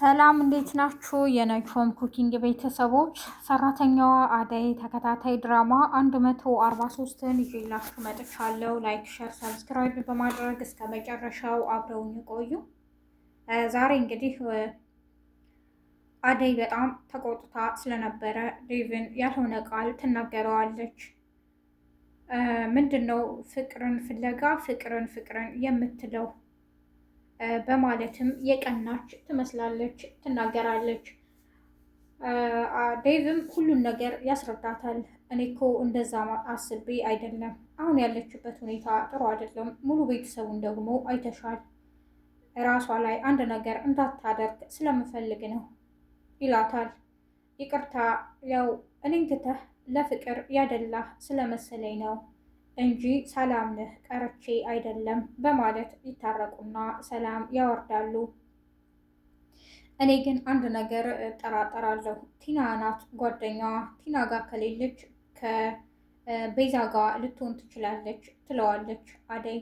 ሰላም እንዴት ናችሁ? የነጆም ኩኪንግ ቤተሰቦች ሰራተኛዋ አደይ ተከታታይ ድራማ 143ን ይዤላችሁ መጥቻለሁ። ላይክ፣ ሸር፣ ሰብስክራይብ በማድረግ እስከ መጨረሻው አብረውን ይቆዩ። ዛሬ እንግዲህ አደይ በጣም ተቆጥታ ስለነበረ ዴቭን ያልሆነ ቃል ትናገረዋለች። ምንድን ነው ፍቅርን ፍለጋ ፍቅርን ፍቅርን የምትለው በማለትም የቀናች ትመስላለች፣ ትናገራለች። ዴቭም ሁሉን ነገር ያስረዳታል። እኔ እኮ እንደዛ አስቤ አይደለም። አሁን ያለችበት ሁኔታ ጥሩ አይደለም። ሙሉ ቤተሰቡን ደግሞ አይተሻል። ራሷ ላይ አንድ ነገር እንዳታደርግ ስለምፈልግ ነው ይላታል። ይቅርታ፣ ያው እኔን ትተህ ለፍቅር ያደላህ ስለመሰለኝ ነው እንጂ ሰላም ነህ ቀርቼ አይደለም በማለት ይታረቁና ሰላም ያወርዳሉ። እኔ ግን አንድ ነገር እጠራጠራለሁ። ቲና ናት ጓደኛዋ። ቲና ጋር ከሌለች ከቤዛ ጋር ልትሆን ትችላለች ትለዋለች አደይ።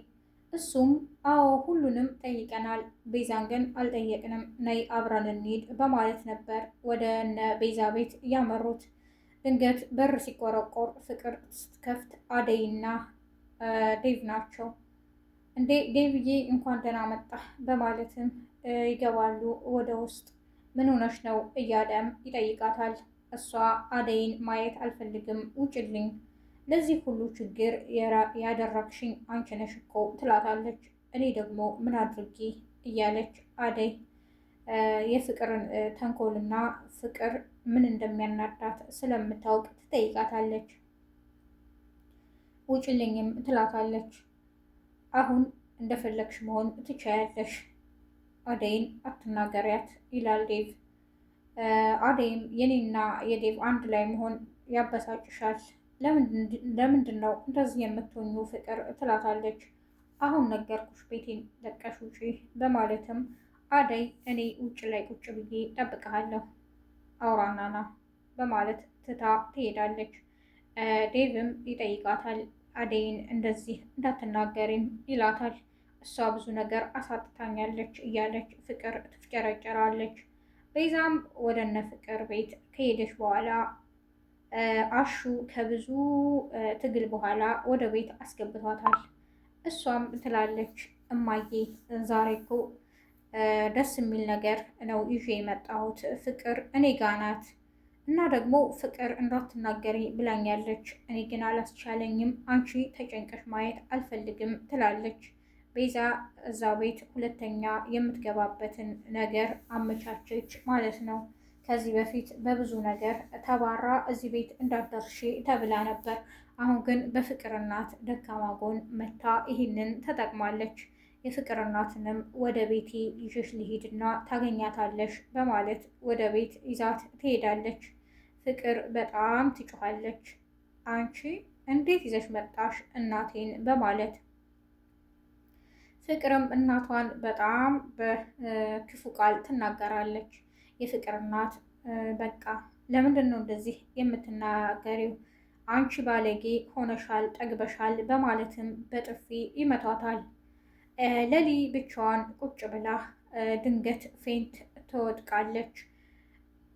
እሱም አዎ ሁሉንም ጠይቀናል፣ ቤዛን ግን አልጠየቅንም፣ ነይ አብረን እንሂድ በማለት ነበር ወደ እነ ቤዛ ቤት ያመሩት። ድንገት በር ሲቆረቆር ፍቅር ስትከፍት አደይና ዴቭ ናቸው። እንዴ ዴቭዬ እንኳን ደህና መጣ በማለትም ይገባሉ ወደ ውስጥ። ምን ሆነሽ ነው እያለም ይጠይቃታል። እሷ አደይን ማየት አልፈልግም ውጭልኝ፣ ለዚህ ሁሉ ችግር ያደረግሽኝ አንቺ ነሽ እኮ ትላታለች። እኔ ደግሞ ምን አድርጌ እያለች አደይ የፍቅርን ተንኮልና ፍቅር ምን እንደሚያናዳት ስለምታውቅ ትጠይቃታለች። ውጭልኝም ትላታለች። አሁን እንደፈለግሽ መሆን ትቻያለሽ፣ አደይን አትናገሪያት ይላል ዴቭ። አደይም የኔና የዴቭ አንድ ላይ መሆን ያበሳጭሻል፣ ለምንድን ነው እንደዚህ የምትሆኙ ፍቅር ትላታለች። አሁን ነገርኩሽ፣ ቤቴን ለቀሽ ውጪ በማለትም አደይ እኔ ውጭ ላይ ቁጭ ብዬ ጠብቀሃለሁ አውራና ና በማለት ትታ ትሄዳለች። ዴቭም ይጠይቃታል። አደይን እንደዚህ እንዳትናገሪም ይላታል። እሷ ብዙ ነገር አሳጥታኛለች እያለች ፍቅር ትፍጨረጨራለች። ቤዛም ወደ እነ ፍቅር ቤት ከሄደች በኋላ አሹ ከብዙ ትግል በኋላ ወደ ቤት አስገብቷታል። እሷም ትላለች እማዬ ዛሬ እኮ ደስ የሚል ነገር ነው ይዤ የመጣሁት። ፍቅር እኔ ጋ ናት እና ደግሞ ፍቅር እንዳትናገሪ ብላኛለች። እኔ ግን አላስቻለኝም። አንቺ ተጨንቀሽ ማየት አልፈልግም ትላለች። ቤዛ እዛ ቤት ሁለተኛ የምትገባበትን ነገር አመቻቸች ማለት ነው። ከዚህ በፊት በብዙ ነገር ተባራ እዚህ ቤት እንዳትደርሺ ተብላ ነበር። አሁን ግን በፍቅር እናት ደካማ ጎን መታ ይህንን ተጠቅማለች። የፍቅር እናትንም ወደ ቤቴ ይዤሽ ልሂድና ታገኛታለሽ በማለት ወደ ቤት ይዛት ትሄዳለች። ፍቅር በጣም ትጮኋለች አንቺ እንዴት ይዘሽ መጣሽ እናቴን በማለት ፍቅርም እናቷን በጣም በክፉ ቃል ትናገራለች። የፍቅር እናት በቃ ለምንድን ነው እንደዚህ የምትናገሪው? አንቺ ባለጌ ሆነሻል፣ ጠግበሻል በማለትም በጥፊ ይመቷታል። ለሊ ብቻዋን ቁጭ ብላ ድንገት ፌንት ትወድቃለች።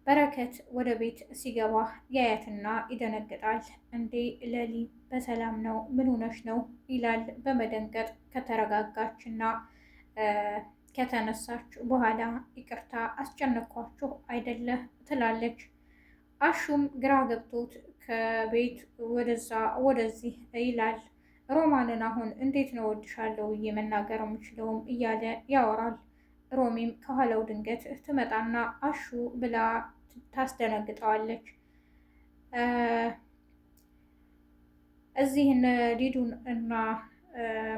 በረከት ወደ ቤት ሲገባ ያያትና ይደነግጣል። እንዴ ለሊ በሰላም ነው? ምን ሆነሽ ነው? ይላል በመደንገጥ ከተረጋጋች እና ከተነሳች በኋላ ይቅርታ አስጨነኳችሁ አይደለ ትላለች። አሹም ግራ ገብቶት ከቤት ወደዛ ወደዚህ ይላል። ሮማንን አሁን እንዴት ነው ወድሻለሁ የመናገር የምችለውም እያለ ያወራል። ሮሚም ከኋላው ድንገት ትመጣና አሹ ብላ ታስደነግጠዋለች። እዚህን ዲዱን እና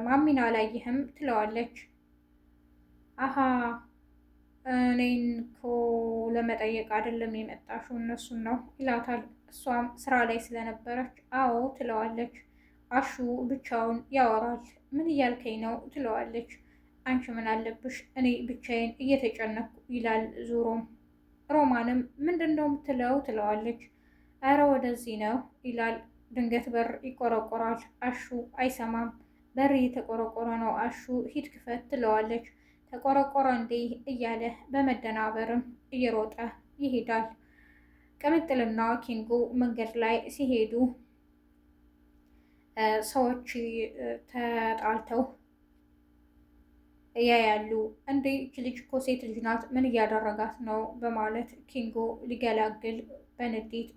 ማሚና ላይህም ትለዋለች። አሀ እኔን እኮ ለመጠየቅ አይደለም የመጣሽው እነሱን ነው ይላታል። እሷም ስራ ላይ ስለነበረች አዎ ትለዋለች። አሹ ብቻውን ያወራል። ምን እያልከኝ ነው ትለዋለች። አንቺ ምን አለብሽ እኔ ብቻዬን እየተጨነኩ ይላል ዙሮም። ሮማንም ምንድን ነው የምትለው ትለዋለች። አረ ወደዚህ ነው ይላል። ድንገት በር ይቆረቆራል። አሹ አይሰማም። በር እየተቆረቆረ ነው። አሹ ሂድ ክፈት ትለዋለች። ተቆረቆረ እንዴ እያለ በመደናበርም እየሮጠ ይሄዳል። ቅምጥልና ኪንጎ መንገድ ላይ ሲሄዱ ሰዎች ተጣልተው እያያሉ። እንዴ ይች ልጅ እኮ ሴት ልጅ ናት፣ ምን እያደረጋት ነው? በማለት ኪንጎ ሊገላግል በንዴት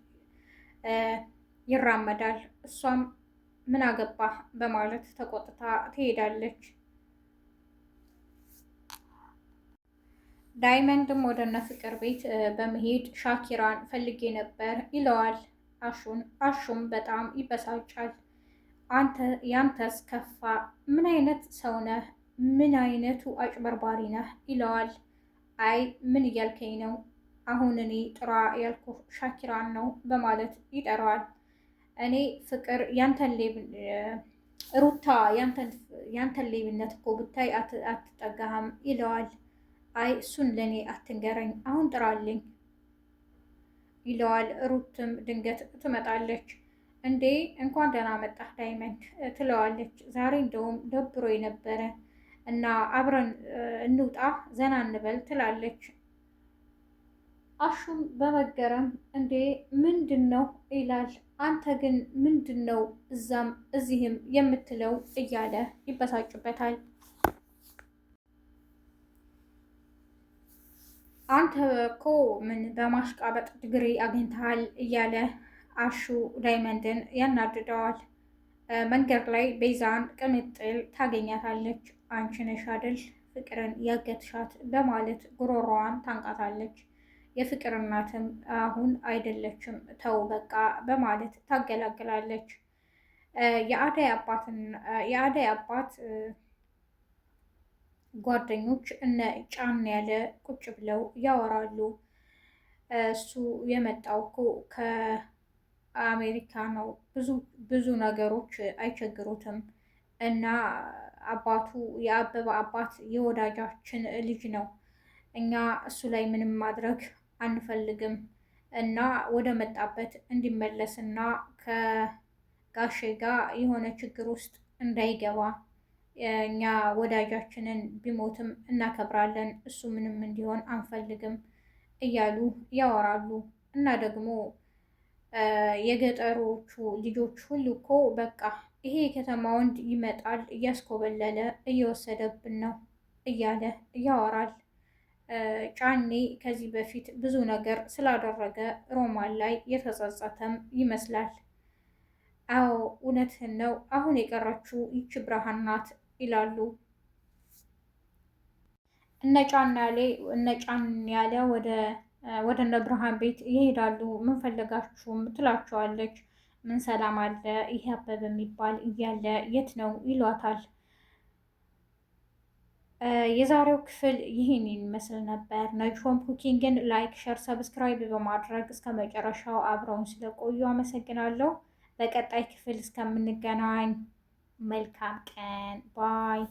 ይራመዳል። እሷም ምን አገባ በማለት ተቆጥታ ትሄዳለች። ዳይመንድም ወደ እነ ፍቅር ቤት በመሄድ ሻኪራን ፈልጌ ነበር ይለዋል አሹን። አሹም በጣም ይበሳጫል። አንተ ያንተስ ከፋ። ምን አይነት ሰው ነህ? ምን አይነቱ አጭበርባሪ ነህ? ይለዋል። አይ ምን እያልከኝ ነው? አሁን እኔ ጥራ ያልኩ ሻኪራን ነው በማለት ይጠራዋል። እኔ ፍቅር ያንተን ሩታ ያንተን ሌብነት እኮ ብታይ አትጠጋህም ይለዋል። አይ እሱን ለእኔ አትንገረኝ፣ አሁን ጥራልኝ ይለዋል። ሩትም ድንገት ትመጣለች። እንዴ እንኳን ደህና መጣህ ዳይመንድ ትለዋለች። ዛሬ እንደውም ደብሮ የነበረ እና አብረን እንውጣ ዘና እንበል ትላለች። አሹም በመገረም እንዴ ምንድን ነው ይላል። አንተ ግን ምንድን ነው እዛም እዚህም የምትለው እያለ ይበሳጩበታል። አንተ እኮ ምን በማሽቃበጥ ድግሪ አግኝተሃል እያለ አሹ ዳይመንድን ያናድደዋል። መንገድ ላይ ቤዛን ቅምጥል ታገኛታለች። አንቺ ነሽ አይደል ፍቅርን ያገትሻት በማለት ጉሮሮዋን ታንቃታለች። የፍቅር እናትም አሁን አይደለችም ተው በቃ በማለት ታገላግላለች። የአደይ አባት ጓደኞች እነ ጫን ያለ ቁጭ ብለው ያወራሉ። እሱ የመጣው እኮ ከ አሜሪካ ነው። ብዙ ብዙ ነገሮች አይቸግሩትም እና አባቱ የአበበ አባት የወዳጃችን ልጅ ነው። እኛ እሱ ላይ ምንም ማድረግ አንፈልግም እና ወደ መጣበት እንዲመለስና ከጋሼ ጋር የሆነ ችግር ውስጥ እንዳይገባ እኛ ወዳጃችንን ቢሞትም እናከብራለን። እሱ ምንም እንዲሆን አንፈልግም እያሉ ያወራሉ እና ደግሞ የገጠሮቹ ልጆች ሁሉ እኮ በቃ ይሄ የከተማ ወንድ ይመጣል እያስኮበለለ እየወሰደብን ነው እያለ ያወራል። ጫኔ ከዚህ በፊት ብዙ ነገር ስላደረገ ሮማን ላይ የተጸጸተም ይመስላል። አዎ እውነትህን ነው፣ አሁን የቀረችው ይች ብርሃን ናት ይላሉ እነ ጫን ያለ ወደ ወደ እነ ብርሃን ቤት ይሄዳሉ። ምን ፈልጋችሁም ትላቸዋለች። ምን ሰላም አለ ይሄ አበበ የሚባል እያለ የት ነው ይሏታል። የዛሬው ክፍል ይህን ይመስል ነበር። ነጅሆም ኩኪንግን ላይክ፣ ሸር፣ ሰብስክራይብ በማድረግ እስከ መጨረሻው አብረውን ስለቆዩ አመሰግናለሁ። በቀጣይ ክፍል እስከምንገናኝ መልካም ቀን ባይ